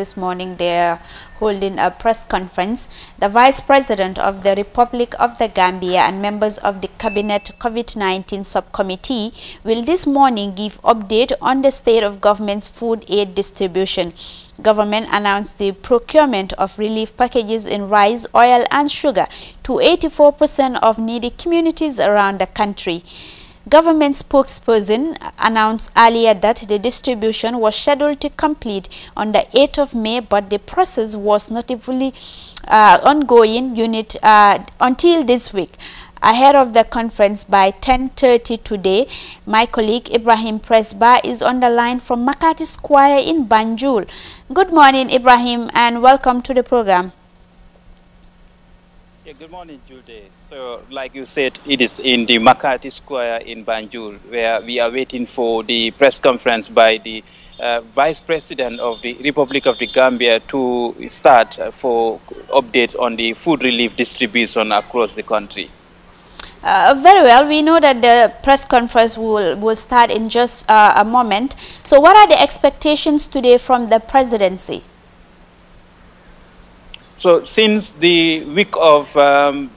This morning they are holding a press conference. The Vice President of the Republic of the Gambia and members of the Cabinet COVID-19 Subcommittee will this morning give update on the state of government's food aid distribution. Government announced the procurement of relief packages in rice, oil and sugar to 84% of needy communities around the country. Government spokesperson announced earlier that the distribution was scheduled to complete on the 8th of May, but the process was not uh, ongoing unit uh, until this week. Ahead of the conference by 10.30 today, my colleague Ibrahim Presba is on the line from Makati Square in Banjul. Good morning, Ibrahim, and welcome to the program. Yeah, good morning, Jude. So, like you said, it is in the Makati Square in Banjul, where we are waiting for the press conference by the uh, Vice President of the Republic of the Gambia to start for updates on the food relief distribution across the country. Uh, very well. We know that the press conference will, will start in just uh, a moment. So what are the expectations today from the presidency? So since the week of um,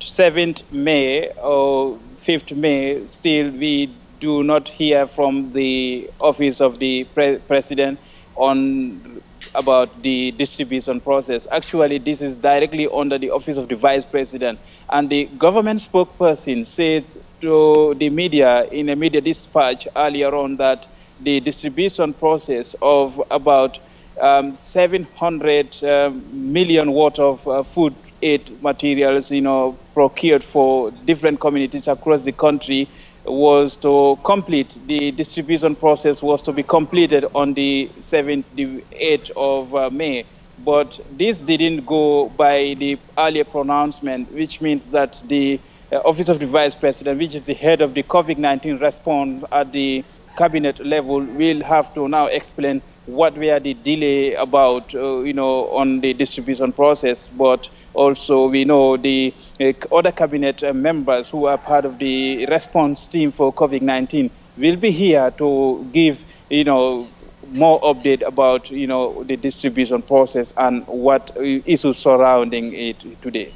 7th May or 5th May, still we do not hear from the office of the pre president on about the distribution process. Actually, this is directly under the office of the vice president. And the government spokesperson said to the media in a media dispatch earlier on that the distribution process of about um, 700 um, million worth of uh, food aid materials, you know, procured for different communities across the country was to complete the distribution process was to be completed on the 78th of uh, May but this didn't go by the earlier pronouncement which means that the uh, office of the vice president which is the head of the COVID-19 response at the cabinet level will have to now explain what were the delay about, uh, you know, on the distribution process, but also we know the uh, other cabinet uh, members who are part of the response team for COVID-19 will be here to give, you know, more update about, you know, the distribution process and what uh, issues surrounding it today.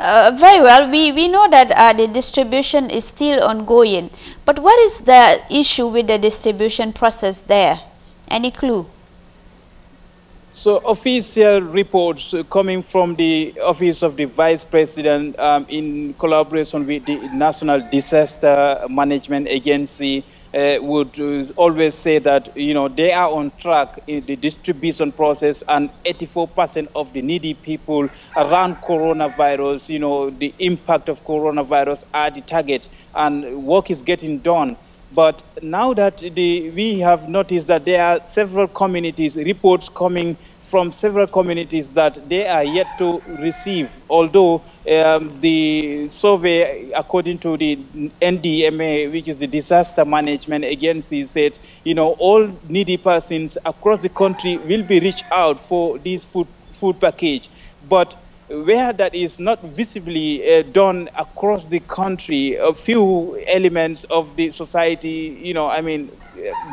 Uh, very well. We, we know that uh, the distribution is still ongoing, but what is the issue with the distribution process there? Any clue? So official reports coming from the office of the vice president um, in collaboration with the National Disaster Management Agency uh, would uh, always say that you know they are on track in the distribution process and 84% of the needy people around coronavirus you know the impact of coronavirus are the target and work is getting done but now that the, we have noticed that there are several communities, reports coming from several communities that they are yet to receive, although um, the survey, according to the NDMA, which is the Disaster Management Agency, said, you know, all needy persons across the country will be reached out for this food, food package. But where that is not visibly uh, done across the country, a few elements of the society, you know, I mean,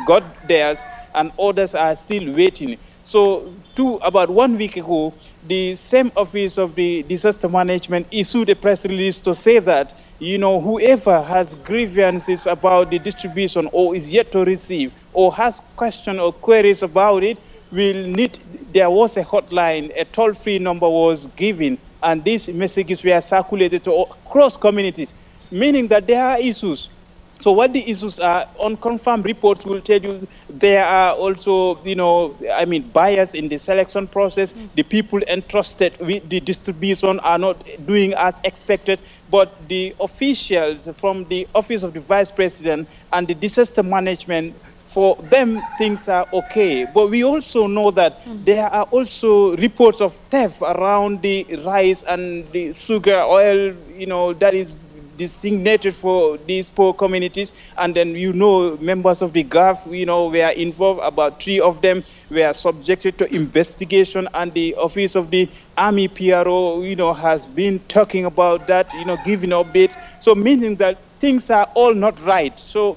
got theirs and others are still waiting. So, two, about one week ago, the same office of the disaster management issued a press release to say that, you know, whoever has grievances about the distribution or is yet to receive or has questions or queries about it, will need, there was a hotline, a toll free number was given, and these messages were circulated to across communities, meaning that there are issues. So what the issues are, unconfirmed reports will tell you there are also, you know, I mean, bias in the selection process. Mm. The people entrusted with the distribution are not doing as expected. But the officials from the Office of the Vice President and the disaster management for them things are okay. But we also know that mm. there are also reports of theft around the rice and the sugar oil, you know, that is designated for these poor communities. And then you know members of the GAF, you know, were involved. About three of them were subjected to investigation and the office of the Army PRO, you know, has been talking about that, you know, giving updates. So meaning that things are all not right. So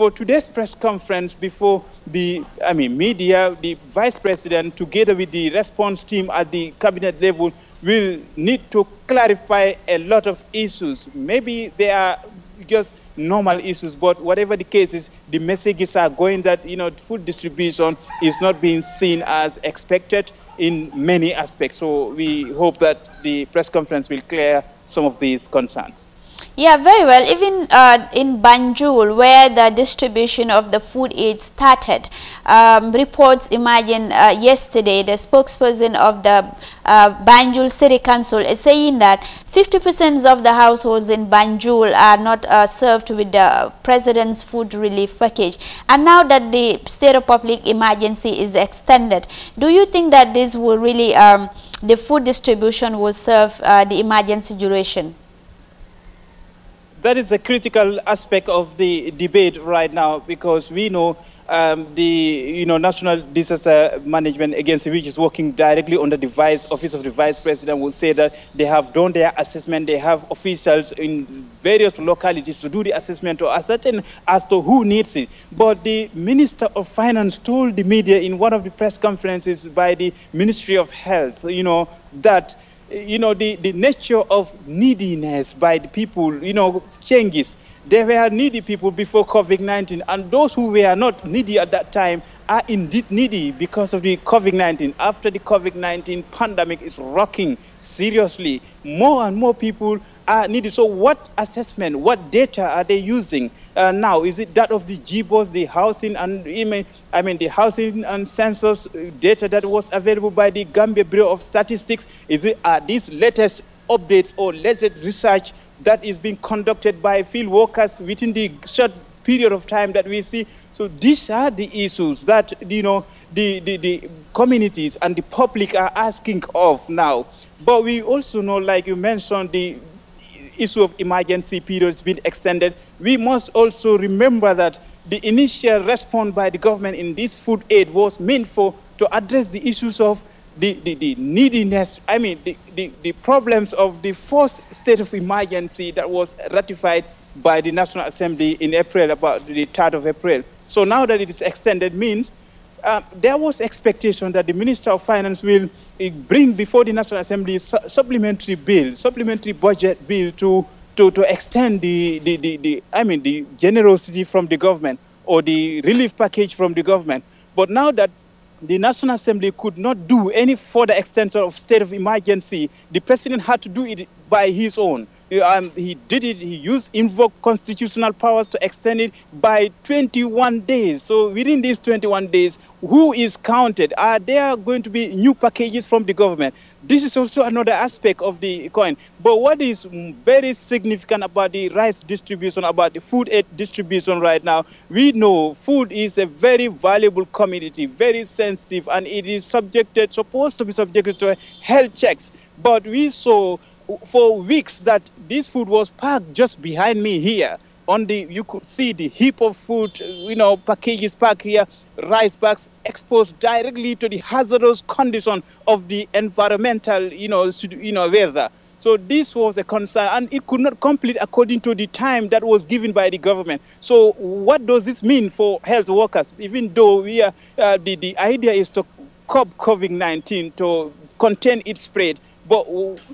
for today's press conference before the I mean media, the vice president, together with the response team at the cabinet level, will need to clarify a lot of issues. Maybe they are just normal issues, but whatever the case is, the messages are going that you know food distribution is not being seen as expected in many aspects. So we hope that the press conference will clear some of these concerns. Yeah, very well. Even uh, in Banjul, where the distribution of the food aid started, um, reports imagine uh, yesterday the spokesperson of the uh, Banjul City Council is saying that 50% of the households in Banjul are not uh, served with the President's Food Relief Package. And now that the state of public emergency is extended, do you think that this will really, um, the food distribution will serve uh, the emergency duration? that is a critical aspect of the debate right now because we know um, the you know National Disaster Management Agency, which is working directly on the vice, office of the vice president, will say that they have done their assessment. They have officials in various localities to do the assessment to ascertain as to who needs it. But the Minister of Finance told the media in one of the press conferences by the Ministry of Health, you know, that you know, the, the nature of neediness by the people, you know, changes. There were needy people before COVID 19, and those who were not needy at that time are indeed needy because of the COVID 19. After the COVID 19 pandemic is rocking seriously, more and more people are needed. So, what assessment, what data are they using uh, now? Is it that of the GBOS, the housing and I mean the housing and census data that was available by the Gambia Bureau of Statistics? Is it these latest updates or latest research that is being conducted by field workers within the short period of time that we see? So these are the issues that you know the, the, the communities and the public are asking of now. But we also know, like you mentioned, the issue of emergency periods being extended, we must also remember that the initial response by the government in this food aid was meant for to address the issues of the, the, the neediness, I mean, the, the, the problems of the first state of emergency that was ratified by the National Assembly in April, about the 3rd of April. So now that it is extended means uh, there was expectation that the Minister of Finance will uh, bring before the National Assembly su supplementary bill, supplementary budget bill to, to, to extend the, the, the, the, I mean, the generosity from the government or the relief package from the government. But now that the National Assembly could not do any further extension of state of emergency, the president had to do it by his own. Uh, um, he did it. He used invoke constitutional powers to extend it by 21 days. So within these 21 days, who is counted? Are there going to be new packages from the government? This is also another aspect of the coin. But what is very significant about the rice distribution, about the food aid distribution right now, we know food is a very valuable commodity, very sensitive, and it is subjected, supposed to be subjected to health checks. But we saw for weeks that this food was packed just behind me here. On the you could see the heap of food, you know, packages packed here, rice bags exposed directly to the hazardous condition of the environmental, you know, you know, weather. So this was a concern, and it could not complete according to the time that was given by the government. So what does this mean for health workers? Even though we are, uh, the, the idea is to curb COVID-19, to contain its spread, but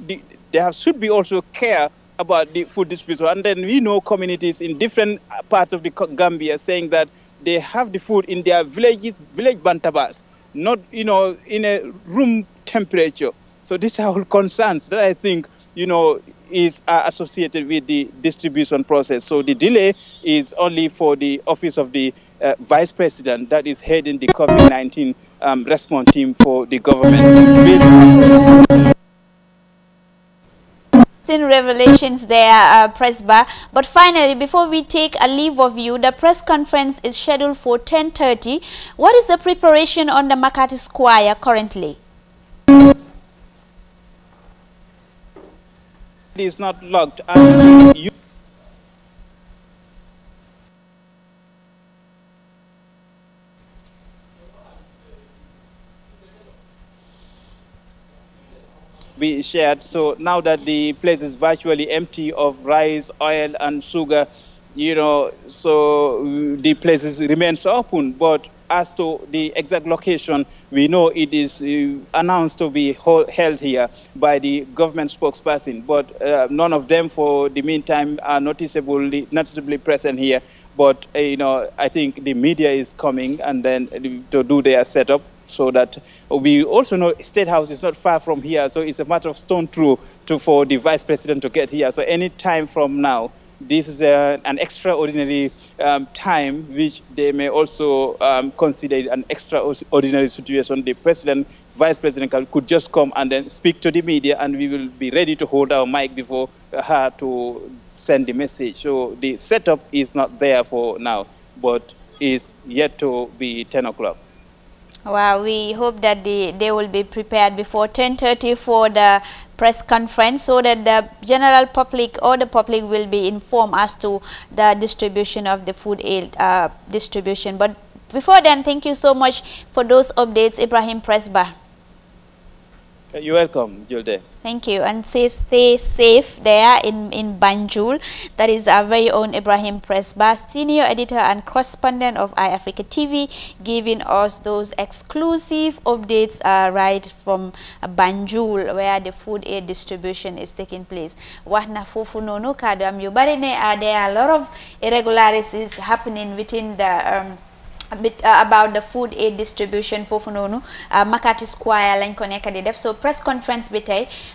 the, they should be also care about the food distribution, And then we know communities in different uh, parts of the Gambia saying that they have the food in their villages, village bantabas, not you know in a room temperature. So these are all concerns that I think you know is uh, associated with the distribution process. So the delay is only for the office of the uh, vice president that is heading the COVID-19 um, response team for the government. 16 revelations there, uh, Presba. But finally, before we take a leave of you, the press conference is scheduled for 10.30. What is the preparation on the Makati Square currently? It is not locked. be shared. So now that the place is virtually empty of rice, oil, and sugar, you know, so the place remains open. But as to the exact location, we know it is uh, announced to be held here by the government spokesperson. But uh, none of them, for the meantime, are noticeably noticeably present here. But uh, you know, I think the media is coming, and then to do their setup so that we also know State House is not far from here, so it's a matter of stone throw to, for the Vice President to get here. So any time from now, this is a, uh, an extraordinary um, time which they may also um, consider an extraordinary situation. The President, Vice President could just come and then speak to the media and we will be ready to hold our mic before her to send the message. So the setup is not there for now, but is yet to be 10 o'clock. Well, we hope that the, they will be prepared before 10.30 for the press conference so that the general public or the public will be informed as to the distribution of the food aid uh, distribution. But before then, thank you so much for those updates, Ibrahim Presba. Uh, you're welcome, Julde. Thank you. And say stay safe there in, in Banjul. That is our very own Ibrahim Presba, senior editor and correspondent of iAfrica TV, giving us those exclusive updates uh, right from Banjul, where the food aid distribution is taking place. fufu no uh, there are a lot of irregularities happening within the um, a bit uh, about the food aid distribution foofu noonu uh, Makati Square Lincoln Academy. def so press conference bi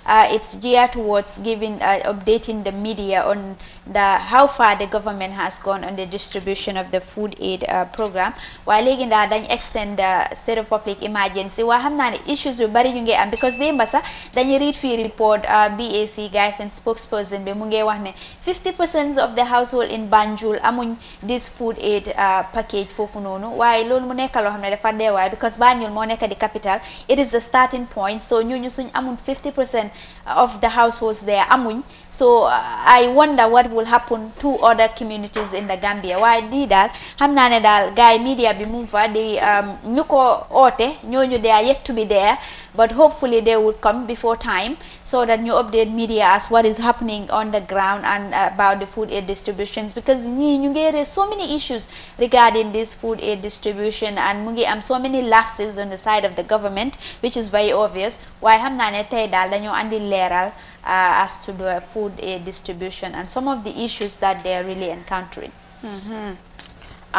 uh, it's geared towards giving uh, updating the media on the how far the government has gone on the distribution of the food aid program While léegi ndaa extend the state of public emergency We have naa issues with bari ñu ngi am because démba sax you read fii report BAC guys and spokesperson bi mu 50 percent of the household in Banjul among this food aid package for noonu waaye loolu mu nekka loo xam ne dafa deewaay because Banjul moo nekk di capital it is the starting point so ñooñu suñ amuñ 50 percent of the households there amuñ so uh, I wonder what will happen to other communities in the Gambia waaye lii daal xam naa ne daal gars yi media bi mu fa di um, ñu ko oote ñooñu they are yet to be there but hopefully they would come before time so that you update media as what is happening on the ground and about the food aid distributions because you get uh, so many issues regarding this food aid distribution and mu am um, so many lapses on the side of the government which is very obvious Why xam naa ne tey daal dañoo andi leeral uh, as to the food aid distribution and some of the issues that they are really encountering. Mm-hmm.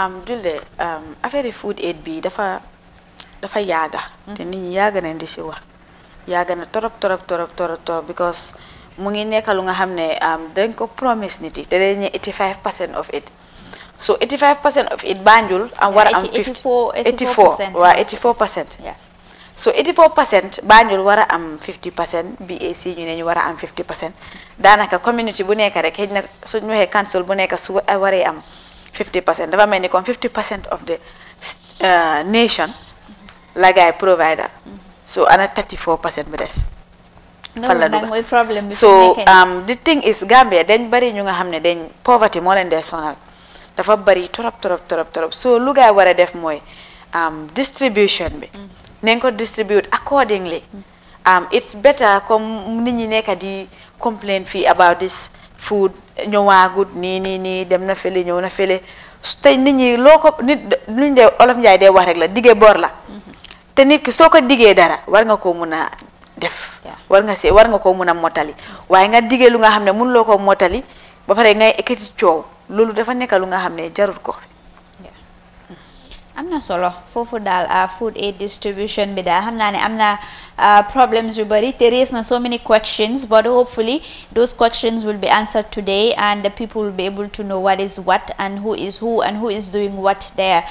Um, Julde um, the food aid be. dafa dafa yaga mm. te nit ñi yaga nañ di si wax yaga na torop torop torop torop torop because mu ngi nekkal lu nga xamne am um, dañ ko promise nit yi te dañ 85% of it so 85% of it Banjul am wara am 54 84 wa 84% yeah, so 84% Banjul wara am 50% BAC ñu ne ñu wara am 50% danaka community bu nekk rek xëy na suñu waxe council bu nekk su waree am 50% dafa melni comme 50% of the uh, nation lagaay provider so ana tati foo percent bi des fan dugal mooy problème bi so um, the thing is Gambia dañ bari ñu nga xam ne dañ poverty moo leen des sonal dafa bari trop trop trop trop so lu gaay war def mooy um, distribution bi mm. nañ ko distribute accordingly um, it's better comme nit ñi nekk di complain fii about this food ñëwaagut nii nii nii dem na fële ñëw na fële tey nit ñi looko ko nit luñ dee olof njaay dee wax rek la dige boor la mm. te nit ki soo ko diggee dara war nga koo mun a def. war nga see war nga koo mun a mottali waaye nga diggee lu nga xam ne mënuloo koo mottali ba pare ngay ekkati coow loolu dafa nekk lu nga xam jarul ko. am na solo foofu daal uh, food aid distribution bi daal xam ne am uh, problems yu bari te so many questions but hopefully those questions will be answered today and the people will be able to know what is what and who is who and who is doing what there.